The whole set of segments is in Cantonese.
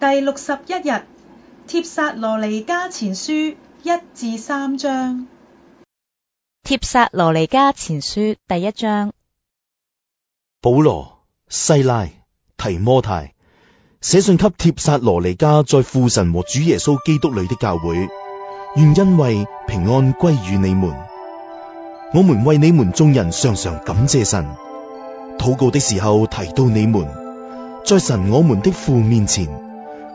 第六十一日，帖撒羅尼加前書一至三章。帖撒羅尼加前書第一章。保羅、西拉、提摩太，寫信給帖撒羅尼加在父神和主耶穌基督裏的教會，願恩惠平安歸於你們。我們為你們眾人常常感謝神，禱告的時候提到你們，在神我們的父面前。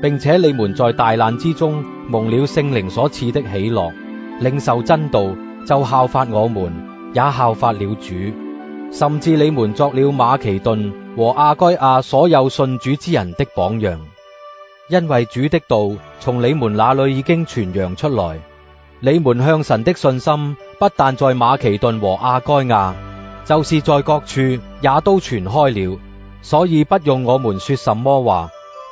並且你們在大難之中蒙了聖靈所賜的喜樂，領受真道，就效法我們，也效法了主。甚至你們作了馬其頓和亞該亞所有信主之人的榜樣，因為主的道從你們那裏已經傳揚出來。你們向神的信心不但在馬其頓和亞該亞，就是在各處也都傳開了，所以不用我們說什麼話。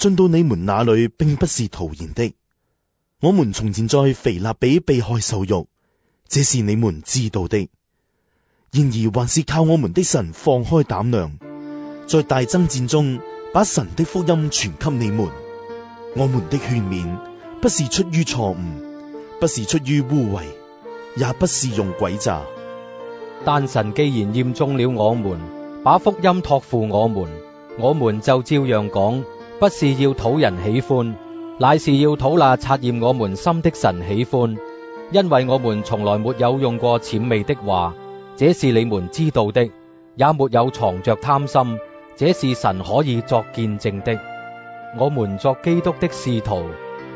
進到你們那裏，並不是徒然的。我們從前在，在腓立比被害受辱，這是你們知道的。然而，還是靠我們的神放開膽量，在大爭戰中把神的福音傳給你們。我們的勸勉不是出於錯誤，不是出於污穢，也不是用詭詐。但神既然驗中了我們，把福音託付我們，我們就照樣講。不是要討人喜歡，乃是要討那察驗我們心的神喜歡，因為我們從來沒有用過諂媚的話。這是你們知道的，也沒有藏着貪心，這是神可以作見證的。我們作基督的使徒，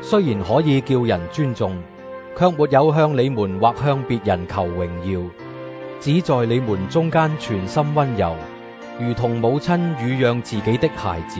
雖然可以叫人尊重，卻沒有向你們或向別人求榮耀，只在你們中間存心溫柔，如同母親乳養自己的孩子。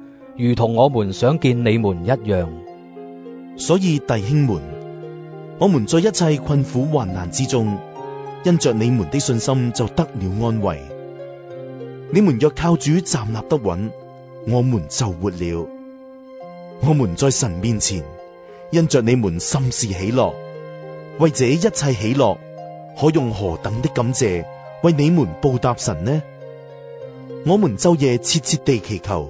如同我們想見你們一樣，所以弟兄們，我們在一切困苦患難之中，因着你們的信心就得了安慰。你們若靠主站立得穩，我們就活了。我們在神面前因着你們心事喜樂，為這一切喜樂，可用何等的感謝為你們報答神呢？我們晝夜切切地祈求。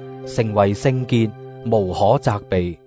成為聖潔，無可責備。